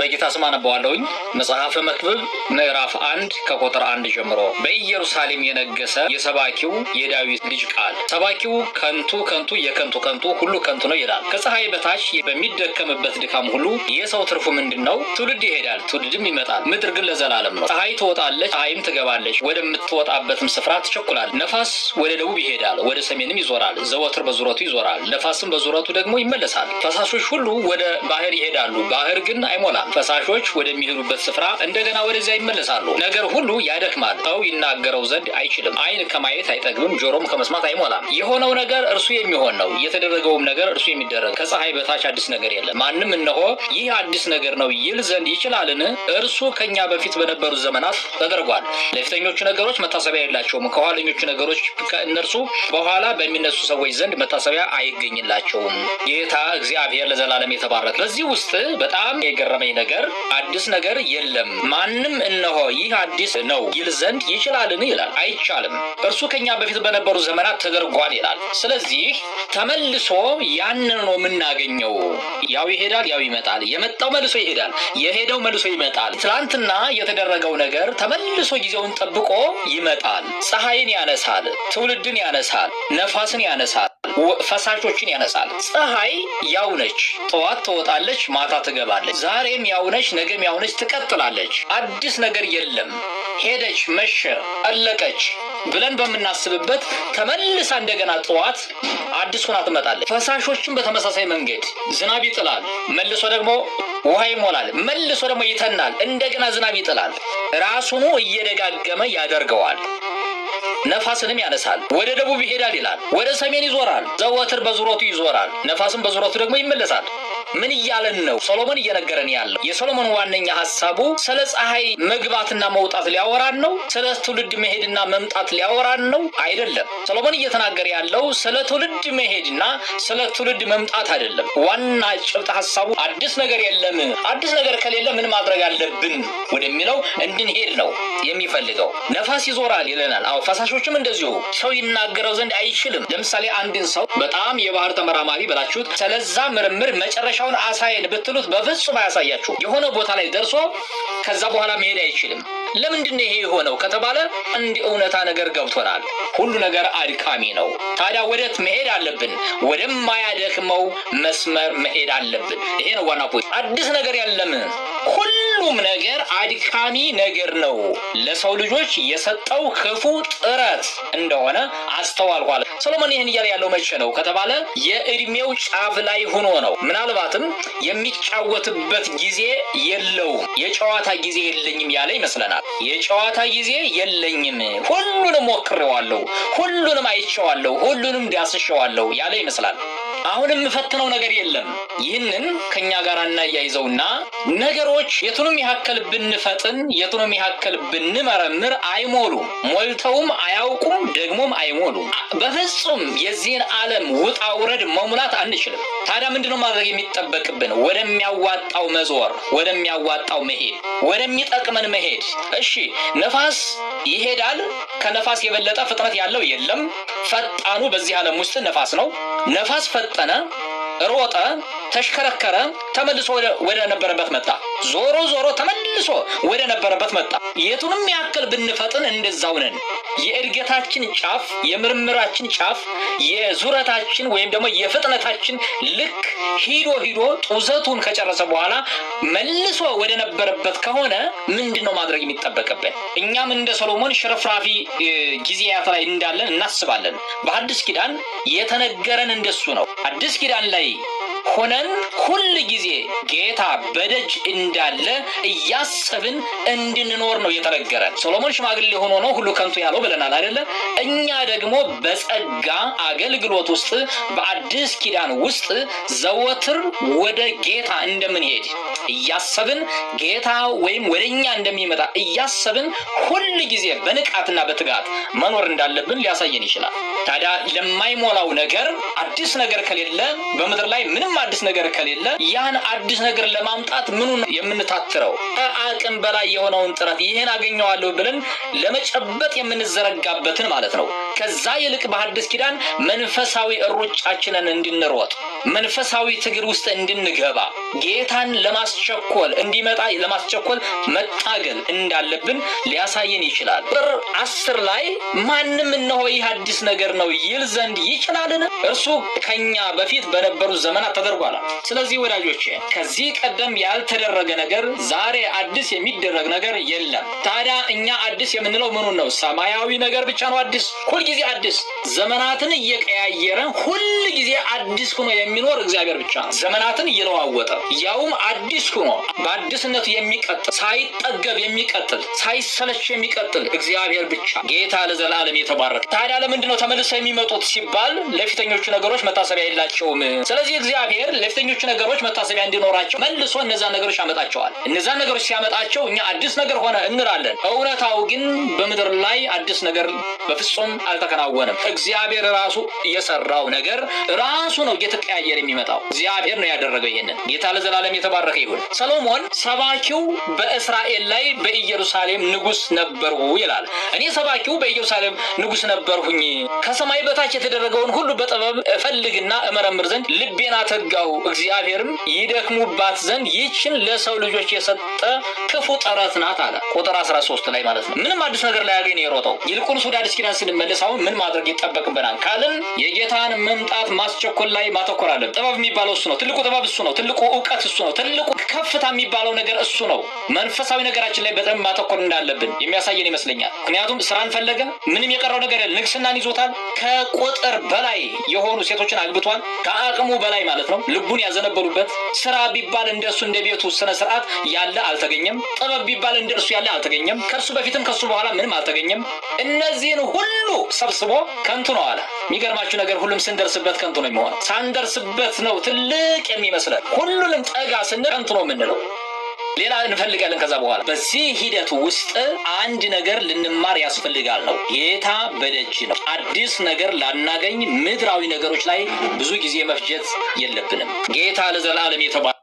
በጌታ ስም አነባዋለሁኝ። መጽሐፈ መክብብ ምዕራፍ አንድ ከቁጥር አንድ ጀምሮ በኢየሩሳሌም የነገሰ የሰባኪው የዳዊት ልጅ ቃል ሰባኪው ከንቱ ከንቱ የከንቱ ከንቱ ሁሉ ከንቱ ነው ይላል። ከፀሐይ በታች በሚደከምበት ድካም ሁሉ የሰው ትርፉ ምንድን ነው? ትውልድ ይሄዳል፣ ትውልድም ይመጣል። ምድር ግን ለዘላለም ነው። ፀሐይ ትወጣለች፣ ፀሐይም ትገባለች፣ ወደምትወጣበትም ስፍራ ትቸኩላል። ነፋስ ወደ ደቡብ ይሄዳል፣ ወደ ሰሜንም ይዞራል፣ ዘወትር በዙረቱ ይዞራል፣ ነፋስም በዙረቱ ደግሞ ይመለሳል። ፈሳሾች ሁሉ ወደ ባህር ይሄዳሉ፣ ባህር ግን አይሞላም። ፈሳሾች ወደሚሄዱበት ስፍራ እንደገና ወደዚያ ይመለሳሉ። ነገር ሁሉ ያደክማል። ሰው ይናገረው ዘንድ አይችልም። አይን ከማየት አይጠግብም፣ ጆሮም ከመስማት አይሞላም። የሆነው ነገር እርሱ የሚሆን ነው፣ የተደረገውም ነገር እርሱ የሚደረግ ከፀሐይ በታች አዲስ ነገር የለም። ማንም እነሆ ይህ አዲስ ነገር ነው ይል ዘንድ ይችላልን? እርሱ ከኛ በፊት በነበሩት ዘመናት ተደርጓል። ለፊተኞቹ ነገሮች መታሰቢያ የላቸውም፣ ከኋለኞቹ ነገሮች ከእነርሱ በኋላ በሚነሱ ሰዎች ዘንድ መታሰቢያ አይገኝላቸውም። ጌታ እግዚአብሔር ለዘላለም የተባረከ። በዚህ ውስጥ በጣም የገረመ የሆነኝ ነገር አዲስ ነገር የለም። ማንም እነሆ ይህ አዲስ ነው ይል ዘንድ ይችላልን? ይላል። አይቻልም። እርሱ ከኛ በፊት በነበሩ ዘመናት ተደርጓል ይላል። ስለዚህ ተመልሶ ያንን ነው የምናገኘው። ያው ይሄዳል፣ ያው ይመጣል። የመጣው መልሶ ይሄዳል፣ የሄደው መልሶ ይመጣል። ትላንትና የተደረገው ነገር ተመልሶ ጊዜውን ጠብቆ ይመጣል። ፀሐይን ያነሳል፣ ትውልድን ያነሳል፣ ነፋስን ያነሳል። ፈሳሾችን ያነሳል። ፀሐይ ያውነች፣ ጠዋት ትወጣለች፣ ማታ ትገባለች። ዛሬም ያውነች፣ ነገም ያውነች፣ ትቀጥላለች። አዲስ ነገር የለም። ሄደች፣ መሸ፣ አለቀች ብለን በምናስብበት ተመልሳ እንደገና ጠዋት አዲስ ሆና ትመጣለች። ፈሳሾችን በተመሳሳይ መንገድ ዝናብ ይጥላል፣ መልሶ ደግሞ ውሃ ይሞላል፣ መልሶ ደግሞ ይተናል፣ እንደገና ዝናብ ይጥላል። ራሱኑ እየደጋገመ ያደርገዋል። ነፋስንም ያነሳል፣ ወደ ደቡብ ይሄዳል ይላል፣ ወደ ሰሜን ይዞራል፣ ዘወትር በዙረቱ ይዞራል፣ ነፋስም በዙረቱ ደግሞ ይመለሳል። ምን እያለን ነው? ሶሎሞን እየነገረን ያለው የሶሎሞን ዋነኛ ሀሳቡ ስለ ፀሐይ መግባትና መውጣት ሊያወራን ነው? ስለ ትውልድ መሄድና መምጣት ሊያወራን ነው? አይደለም። ሶሎሞን እየተናገረ ያለው ስለ ትውልድ መሄድና ስለ ትውልድ መምጣት አይደለም። ዋና ጭብጥ ሀሳቡ አዲስ ነገር የለም፣ አዲስ ነገር ከሌለ ምን ማድረግ አለብን ወደሚለው እንድንሄድ ነው የሚፈልገው። ነፋስ ይዞራል ይለናል። አዎ ፈሳሾችም እንደዚሁ ሰው ይናገረው ዘንድ አይችልም። ለምሳሌ አንድን ሰው በጣም የባህር ተመራማሪ በላችሁት ስለዛ ምርምር መጨረሻ ሁን አሳይን ብትሉት በፍጹም አያሳያችሁም። የሆነ ቦታ ላይ ደርሶ ከዛ በኋላ መሄድ አይችልም። ለምንድን ይሄ የሆነው ከተባለ አንድ እውነታ ነገር ገብቶናል። ሁሉ ነገር አድካሚ ነው። ታዲያ ወደት መሄድ አለብን? ወደማያደክመው መስመር መሄድ አለብን። ይሄ ነው ዋና ፖይንት። አዲስ ነገር ያለም ሁሉ ሁሉም ነገር አድካሚ ነገር ነው። ለሰው ልጆች የሰጠው ክፉ ጥረት እንደሆነ አስተዋልኋል። ሰሎሞን ይህን እያለ ያለው መቼ ነው ከተባለ የእድሜው ጫፍ ላይ ሆኖ ነው። ምናልባትም የሚጫወትበት ጊዜ የለውም። የጨዋታ ጊዜ የለኝም ያለ ይመስለናል። የጨዋታ ጊዜ የለኝም፣ ሁሉንም ሞክሬዋለሁ፣ ሁሉንም አይቼዋለሁ፣ ሁሉንም ዳስሼዋለሁ ያለ ይመስላል። አሁን የምፈትነው ነገር የለም። ይህንን ከኛ ጋር እናያይዘውና ነገሮች የቱንም ያክል ብንፈጥን፣ የቱንም ያክል ብንመረምር አይሞሉ ሞልተውም አያውቁም፣ ደግሞም አይሞሉ በፍጹም የዚህን ዓለም ውጣ ውረድ መሙላት አንችልም። ታዲያ ምንድነው ማድረግ የሚጠበቅብን? ወደሚያዋጣው መዞር፣ ወደሚያዋጣው መሄድ፣ ወደሚጠቅመን መሄድ። እሺ ነፋስ ይሄዳል። ከነፋስ የበለጠ ፍጥነት ያለው የለም። ፈጣኑ በዚህ ዓለም ውስጥ ነፋስ ነው። ነፋስ ፈጠነ፣ ሮጠ ተሽከረከረ፣ ተመልሶ ወደ ነበረበት መጣ። ዞሮ ዞሮ ተመልሶ ወደ ነበረበት መጣ። የቱንም ያክል ብንፈጥን እንደዛው ነን። የእድገታችን ጫፍ፣ የምርምራችን ጫፍ፣ የዙረታችን ወይም ደግሞ የፍጥነታችን ልክ ሂዶ ሂዶ ጡዘቱን ከጨረሰ በኋላ መልሶ ወደ ነበረበት ከሆነ ምንድን ነው ማድረግ የሚጠበቅብን? እኛም እንደ ሰሎሞን ሽርፍራፊ ጊዜያት ላይ እንዳለን እናስባለን። በአዲስ ኪዳን የተነገረን እንደሱ ነው። አዲስ ኪዳን ላይ ሆነን ሁል ጊዜ ጌታ በደጅ እንዳለ እያሰብን እንድንኖር ነው የተነገረን። ሶሎሞን ሽማግሌ ሆኖ ነው ሁሉ ከንቱ ያለው ብለናል አይደለ? እኛ ደግሞ በጸጋ አገልግሎት ውስጥ በአዲስ ኪዳን ውስጥ ዘወትር ወደ ጌታ እንደምንሄድ እያሰብን ጌታ ወይም ወደ እኛ እንደሚመጣ እያሰብን ሁል ጊዜ በንቃትና በትጋት መኖር እንዳለብን ሊያሳየን ይችላል። ታዲያ ለማይሞላው ነገር አዲስ ነገር ከሌለ በምድር ላይ ምንም አዲስ ነገር ከሌለ ያን አዲስ ነገር ለማምጣት ምኑን የምንታትረው? ከአቅም በላይ የሆነውን ጥረት ይህን አገኘዋለሁ ብለን ለመጨበጥ የምንዘረጋበትን ማለት ነው። ከዛ ይልቅ በሐዲስ ኪዳን መንፈሳዊ እሩጫችንን እንድንሮጥ መንፈሳዊ ትግል ውስጥ እንድንገባ ጌታን ለማስቸኮል እንዲመጣ ለማስቸኮል መታገል እንዳለብን ሊያሳየን ይችላል። ቁጥር አስር ላይ ማንም እነሆ ይህ አዲስ ነገር ነው ይል ዘንድ ይችላልን? እርሱ ከኛ በፊት በነበሩት ዘመናት ተደርጓል። ስለዚህ ወዳጆች ከዚህ ቀደም ያልተደረገ ነገር ዛሬ አዲስ የሚደረግ ነገር የለም። ታዲያ እኛ አዲስ የምንለው ምኑን ነው? ሰማያዊ ነገር ብቻ ነው አዲስ። ሁልጊዜ አዲስ፣ ዘመናትን እየቀያየረ ሁል ጊዜ አዲስ ሆኖ የሚኖር እግዚአብሔር ብቻ ነው። ዘመናትን እየለዋወጠ ያውም አዲስ ሆኖ በአዲስነቱ የሚቀጥል ሳይጠገብ የሚቀጥል ሳይሰለች የሚቀጥል እግዚአብሔር ብቻ ጌታ ለዘላለም የተባረከ። ታዲያ ለምንድን ነው ተመልሶ መልስ የሚመጡት ሲባል ለፊተኞቹ ነገሮች መታሰቢያ የላቸውም። ስለዚህ እግዚአብሔር ለፊተኞቹ ነገሮች መታሰቢያ እንዲኖራቸው መልሶ እነዛ ነገሮች ያመጣቸዋል። እነዛ ነገሮች ሲያመጣቸው እኛ አዲስ ነገር ሆነ እንላለን። እውነታው ግን በምድር ላይ አዲስ ነገር በፍጹም አልተከናወነም። እግዚአብሔር ራሱ የሰራው ነገር ራሱ ነው እየተቀያየር የሚመጣው። እግዚአብሔር ነው ያደረገው። ይህንን ጌታ ለዘላለም የተባረከ ይሁን። ሰሎሞን ሰባኪው በእስራኤል ላይ በኢየሩሳሌም ንጉስ ነበርሁ ይላል። እኔ ሰባኪው በኢየሩሳሌም ንጉስ ነበርሁኝ ከሰማይ በታች የተደረገውን ሁሉ በጥበብ እፈልግና እመረምር ዘንድ ልቤን አተጋሁ። እግዚአብሔርም ይደክሙባት ዘንድ ይችን ለሰው ልጆች የሰጠ ክፉ ጥረት ናት አለ። ቁጥር 13 ላይ ማለት ነው። ምንም አዲስ ነገር ላይ ያገኝ የሮጠው ይልቁን ወደ አዲስ ኪዳን ስንመለስ አሁን ምን ማድረግ ይጠበቅብናል ካልን የጌታን መምጣት ማስቸኮል ላይ ማተኮር አለን። ጥበብ የሚባለው እሱ ነው። ትልቁ ጥበብ እሱ ነው። ትልቁ እውቀት እሱ ነው። ትልቁ ከፍታ የሚባለው ነገር እሱ ነው። መንፈሳዊ ነገራችን ላይ በጣም ማተኮር እንዳለብን የሚያሳየን ይመስለኛል። ምክንያቱም ስራን ፈለገ ምንም የቀረው ነገር ንግስናን ይዞታል። ከቁጥር በላይ የሆኑ ሴቶችን አግብቷል። ከአቅሙ በላይ ማለት ነው። ልቡን ያዘነበሉበት ስራ ቢባል እንደሱ እንደ ቤቱ ስነ ስርዓት ያለ አልተገኘም። ጥበብ ቢባል እንደሱ ያለ አልተገኘም። ከእርሱ በፊትም ከሱ በኋላ ምንም አልተገኘም። እነዚህን ሁሉ ሰብስቦ ከንቱ ነው አለ። የሚገርማችሁ ነገር ሁሉም ስንደርስበት ከንቱ ነው የሚሆነው። ሳንደርስበት ነው ትልቅ የሚመስለን። ሁሉንም ጠጋ ስንል ከንቱ ነው የምንለው። ሌላ እንፈልጋለን። ከዛ በኋላ በዚህ ሂደቱ ውስጥ አንድ ነገር ልንማር ያስፈልጋል ነው ጌታ በደጅ ነው። አዲስ ነገር ላናገኝ ምድራዊ ነገሮች ላይ ብዙ ጊዜ መፍጀት የለብንም። ጌታ ለዘላለም የተባ